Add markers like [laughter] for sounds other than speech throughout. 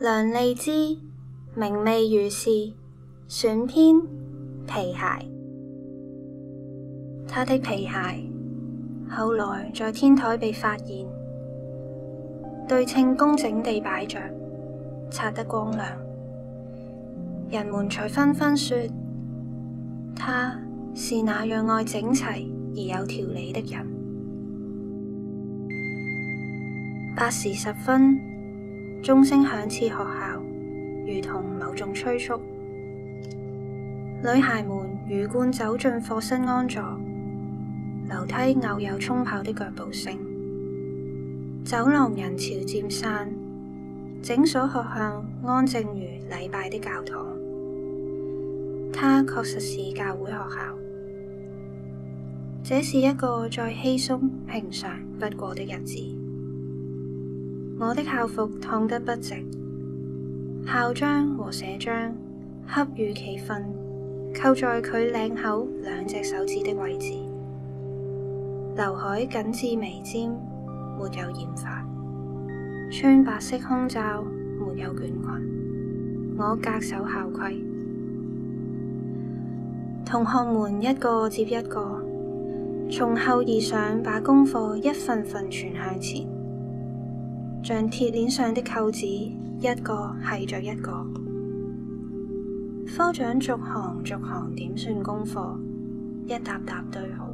梁莉姿明媚如是，選篇皮鞋，她的皮鞋後來在天台被發現，對稱工整地擺着，擦得光亮，人們才紛紛說，她是那樣愛整齊而有條理的人。八時十分。鐘聲響徹學校，如同某種催促。女孩們魚貫走進課室安坐。樓梯偶有衝跑的腳步聲。走廊人潮漸散，整所學校安靜如禮拜的教堂。它確實是教會學校。這是一個再稀鬆平常不過的日子。我的校服燙得不直，校章和社章恰如其分扣在佢領口兩隻手指的位置，劉海緊至眉尖，沒有染髮，穿白色胸罩，沒有捲裙。我恪守校規，同學們一個接一個，從後而上把功課一份份傳向前。像鐵鏈上的扣子，一個繫着一個。科長逐行逐行點算功課，一沓沓堆好，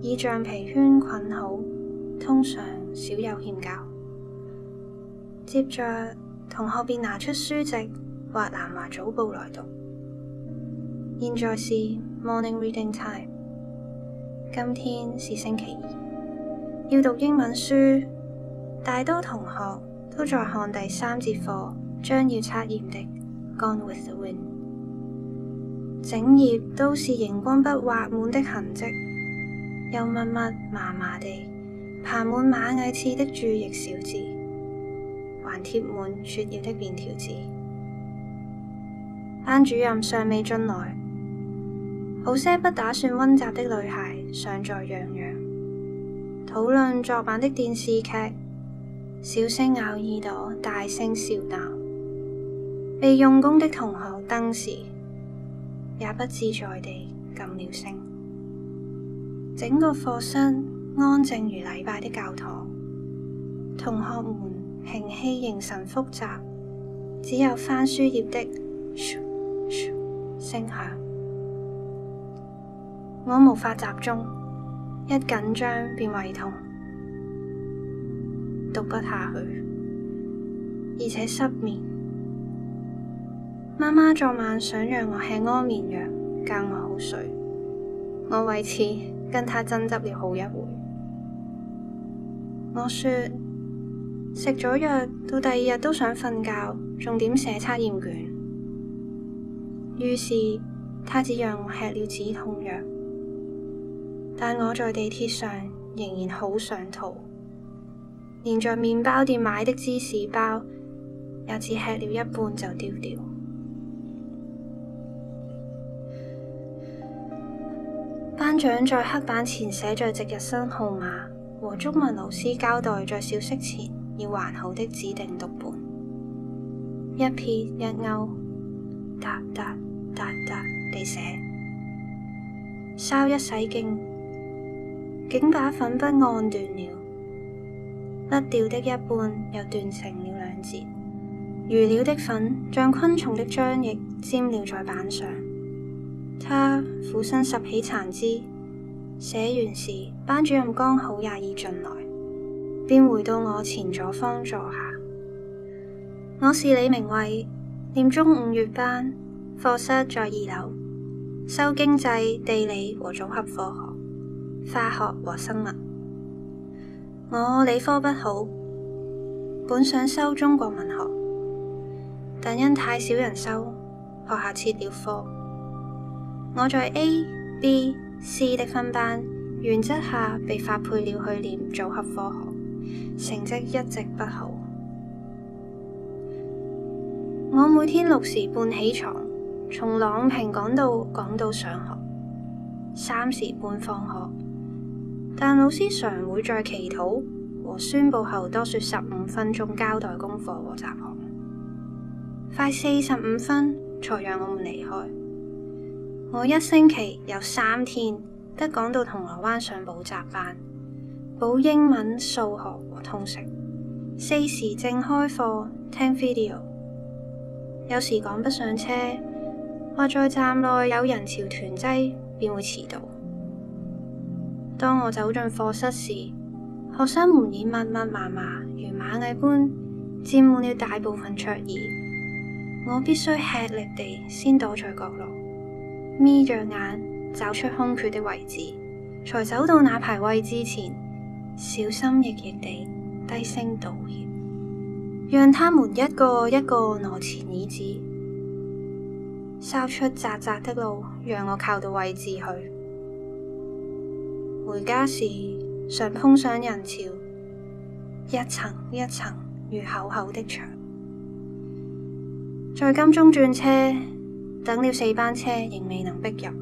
以橡皮圈捆好，通常少有欠交。接着，同學便拿出書籍或南華早報來讀。現在是 morning reading time，今天是星期二，要讀英文書。大多同學都在看第三節課將要測驗的《Gone with the Wind》，整頁都是熒光筆畫滿的痕跡，又密密麻麻地爬滿螞蟻刺的注釋小字，還貼滿雪頁的便條紙。班主任尚未進來，好些不打算溫習的女孩尚在洋洋討論昨晚的電視劇。小聲咬耳朵，大聲笑鬧，被用功的同學登時也不自在地噤了聲。整個課室安靜如禮拜的教堂，同學們屏息凝神複習，只有翻書頁的聲響。我無法集中，一緊張便胃痛。讀不下去，而且失眠。媽媽昨晚想讓我吃安眠藥，教我好睡。我為此跟她爭執了好一會。我說：食咗藥到第二日都想瞓覺，仲點寫測驗卷？於是她只讓我吃了止痛藥，但我在地鐵上仍然好想吐。連在麵包店買的芝士包也只吃了一半就丟掉。班長在黑板前寫着值日生號碼，和中文老師交代在小息前要還好的指定讀本，一撇一勾，嗒嗒嗒嗒地寫，稍一使勁，竟把粉筆按斷了。甩掉的一半又斷成了兩截，餘料的粉像昆蟲的漿液沾留在板上。他俯身拾起殘肢，寫完時，班主任剛好也已進來，便回到我前左方坐下。我是李明慧，念中五月班，課室在二樓，修經濟、地理和綜合科學，化學和生物。我理科不好，本想修中國文學，但因太少人修，學校撤了科。我在 A、B、C 的分班原則下，被發配了去念組合科學，成績一直不好。我每天六時半起床，從朗屏趕到趕到上學，三時半放學。但老師常會在祈禱和宣布後多說十五分鐘交代功課和雜項，快四十五分才讓我們離開。我一星期有三天得趕到銅鑼灣上補習班，補英文、數學和通識。四時正開課聽 video，有時趕不上車或在站內有人潮團擠，便會遲到。當我走進課室時，學生們已密密，密麻麻如螞蟻般佔滿了大部分桌椅，我必須吃力地先躲在角落，眯着眼找出空缺的位置，才走到那排位之前，小心翼翼地低聲道歉，讓他們一個一個挪前椅子，掃出窄窄的路，讓我靠到位置去。回家時常碰上人潮，一層一層如厚厚的牆。在金鐘轉車，等了四班車仍未能逼入。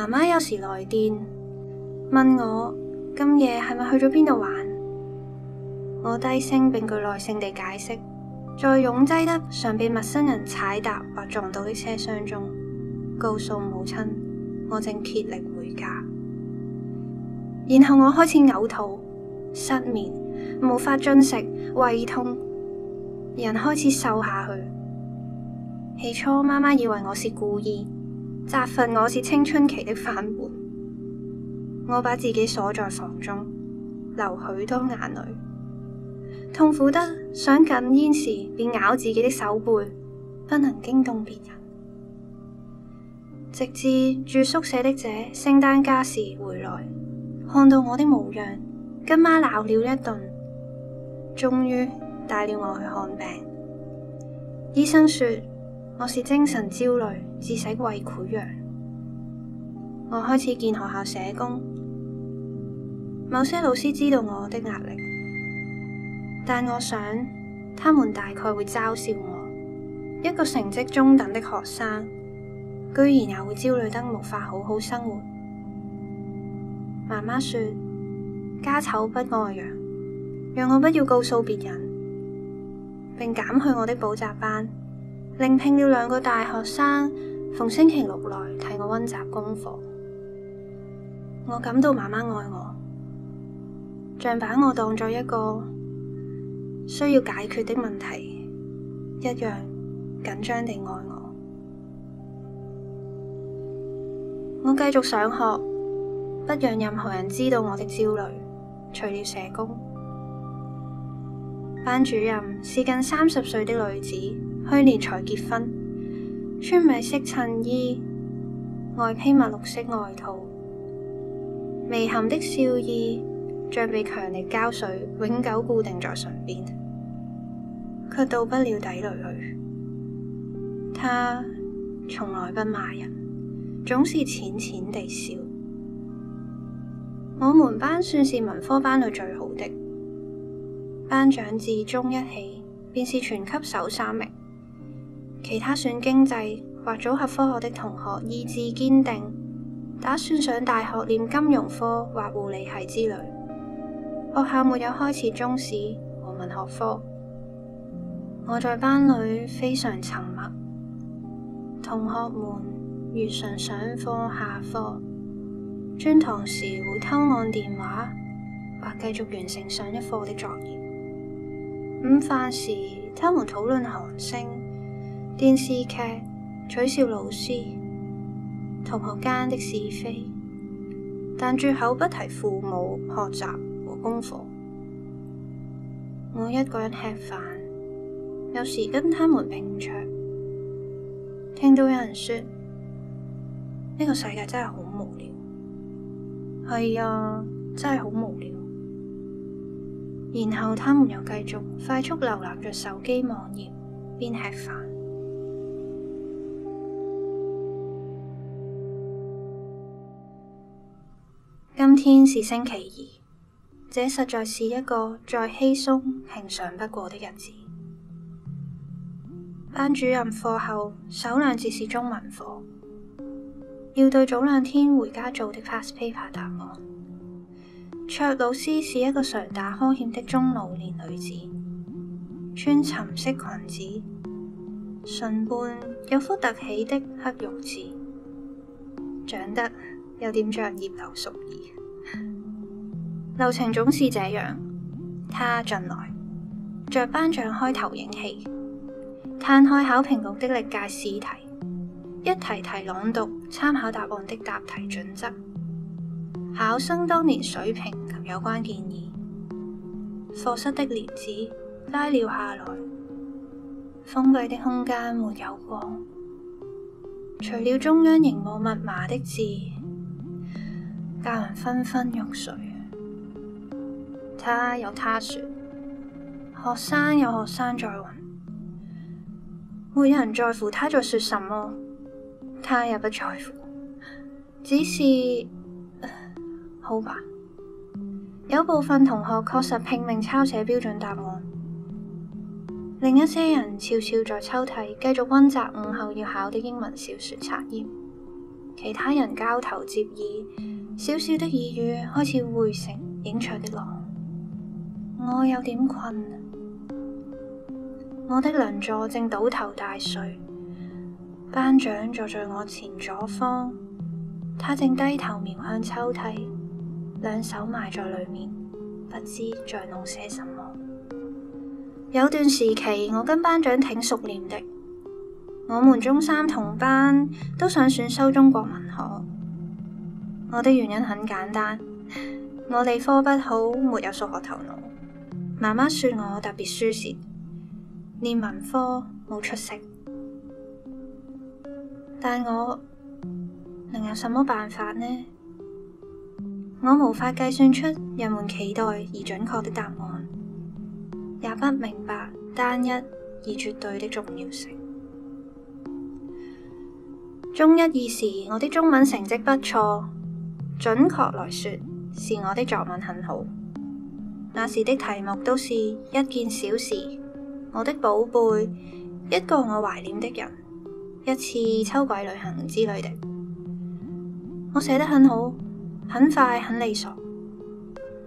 媽媽有時來電問我今夜係咪去咗邊度玩，我低聲並具耐性地解釋，在擁擠得常被陌生人踩踏或撞到的車廂中，告訴母親我正竭力回家。然後我開始嘔吐、失眠、無法進食、胃痛，人開始瘦下去。起初媽媽以為我是故意，責罰我是青春期的反叛。我把自己鎖在房中，流許多眼淚，痛苦得想哽咽時，便咬自己的手背，不能驚動別人，直至住宿舍的姐聖誕家時回來。看到我的模樣，跟媽鬧了一頓，終於帶了我去看病。醫生說我是精神焦慮，致使胃潰瘍。我開始見學校社工，某些老師知道我的壓力，但我想他們大概會嘲笑我，一個成績中等的學生，居然也會焦慮得無法好好生活。媽媽說：家醜不外揚，讓我不要告訴別人，並減去我的補習班，另聘了兩個大學生，逢星期六來替我温習功課。我感到媽媽愛我，像把我當作一個需要解決的問題一樣緊張地愛我。我繼續上學。不讓任何人知道我的焦慮，除了社工。班主任是近三十歲的女子，去年才結婚，穿米色襯衣，外披墨綠色外套，微含的笑意像被強力膠水永久固定在唇邊，卻到不了底裏去。她從來不罵人，總是淺淺地笑。我們班算是文科班裏最好的，班長自中一起便是全級首三名。其他選經濟或組合科學的同學意志堅定，打算上大學念金融科或護理系之類。學校沒有開設中史和文學科，我在班裏非常沉默，同學們如常上課下課。轉堂時會偷按電話，或繼續完成上一課的作業。午飯時，他們討論韓星、電視劇、取笑老師、同學間的是非，但絕口不提父母、學習和功課。我一個人吃飯，有時跟他們拼桌，聽到有人說：呢、這個世界真係好。係啊、哎，真係好無聊。然後他們又繼續快速瀏覽着手機網頁，邊吃飯。 [noise] 今天是星期二，這實在是一個再稀鬆平常不過的日子。班主任課後首兩節是中文課。要對早兩天回家做的 past paper 答案。卓老師是一個常打呵欠的中老年女子，穿深色裙子，唇畔有福突起的黑玉痣，長得有點像葉劉淑儀。 [laughs] 流程總是這樣，她進來，着班長開投影機，攤開考評局的歷屆試題，一題題朗讀。參考答案的答題準則，考生當年水平及有關建議。課室的簾子拉了下來，封閉的空間沒有光，除了中央熒幕密麻的字，教人昏昏欲睡。他有他說，學生有學生在問，沒人在乎他在說什麼。他也不在乎，只是、呃、好吧。有部分同學確實拼命抄寫標準答案，另一些人悄悄在抽屜繼續温習午後要考的英文小說測驗，其他人交頭接耳，小小的耳語開始匯成隱藏的浪。我有點困了，我的鄰座正倒頭大睡。班長坐在我前左方，他正低頭瞄向抽屜，兩手埋在裏面，不知在弄些什麼。有段時期，我跟班長挺熟稔的。我們中三同班都想選修中國文學，我的原因很簡單，我理科不好，沒有數學頭腦。媽媽說我特別書呆，念文科冇出息。但我能有什麼辦法呢？我無法計算出人們期待而準確的答案，也不明白單一而絕對的重要性。中一二時，我的中文成績不錯，準確來說，是我的作文很好。那時的題目都是一件小事，我的寶貝，一個我懷念的人。一次秋季旅行之類的，我寫得很好，很快，很利索。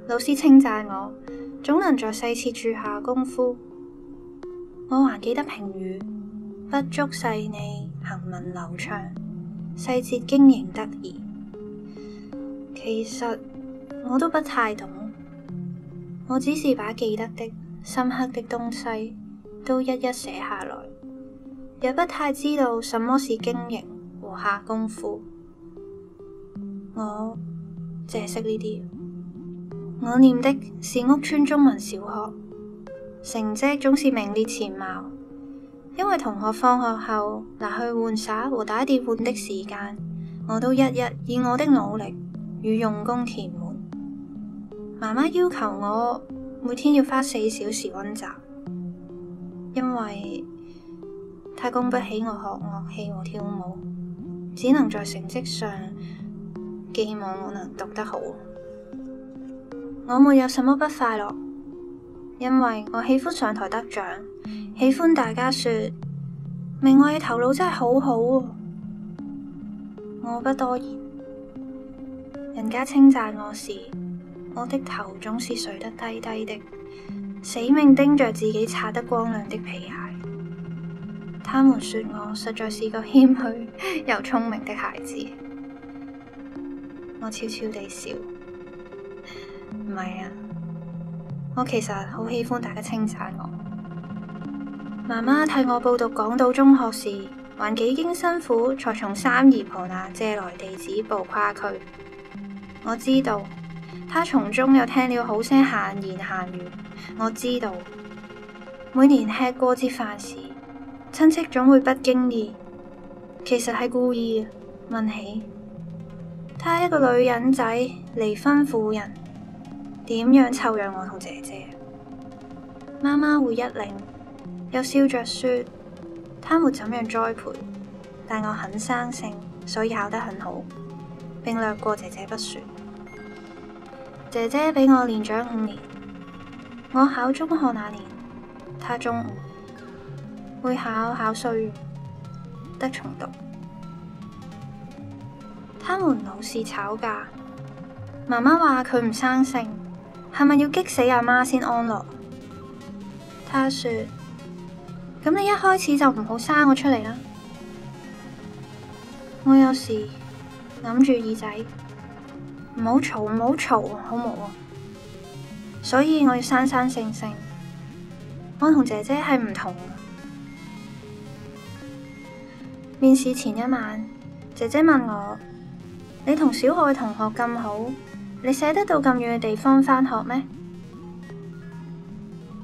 老師稱讚我，總能在細節處下功夫。我還記得評語：不足細膩，行文流暢，細節經營得宜。其實我都不太懂，我只是把記得的、深刻的東西都一一寫下來。也不太知道什麼是經營和下功夫，我只係識呢啲。我念的是屋村中文小學，成績總是名列前茅。因為同學放學後拿去玩耍和打電玩的時間，我都一日以我的努力與用功填滿。媽媽要求我每天要花四小時溫習，因為，他供不起我學樂器和跳舞，只能在成績上寄望我能讀得好。我沒有什麼不快樂，因為我喜歡上台得獎，喜歡大家說，明媚嘅頭腦真係好好喎。我不多言，人家稱讚我時，我的頭總是垂得低低的，死命盯着自己擦得光亮的皮鞋。他們說我實在是個謙虛又聰明的孩子，我悄悄地笑，唔係啊，我其實好喜歡大家稱讚我。媽媽替我報讀港島中學時，還幾經辛苦，才從三姨婆那借來地址簿跨區。我知道，她從中又聽了好些閒言閒語。我知道，每年吃過節飯時。親戚總會不經意，其實係故意嘅，問起，她一個女人仔，離婚婦人，點樣湊養我同姐姐？媽媽會一愣，又笑着說：她沒怎樣栽培，但我很生性，所以考得很好，並略過姐姐不說。姐姐比我年長五年，我考中學那年，她中會考考衰得重讀，他們老是吵架。媽媽話佢唔生性，係咪要激死阿媽先安樂？她說：咁你一開始就唔好生我出嚟啦！我有時掩住耳仔，唔好嘈，唔好嘈，好唔好！所以我要生生性性。我同姐姐係唔同的。面試前一晚，姐姐問我，你同小海同學咁好，你捨得到咁遠嘅地方返學咩？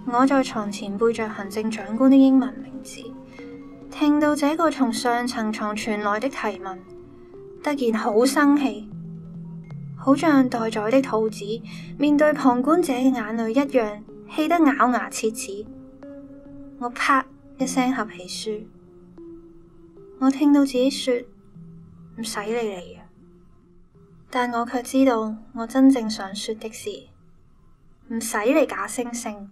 我在床前背著行政長官的英文名字，聽到這個從上層床傳來的提問，突然好生氣，好像待宰的兔子面對旁觀者嘅眼淚一樣，氣得咬牙切齒。我啪一聲合起書。我聽到自己說，唔使你嚟嘅，但我卻知道我真正想說的是唔使你假惺惺。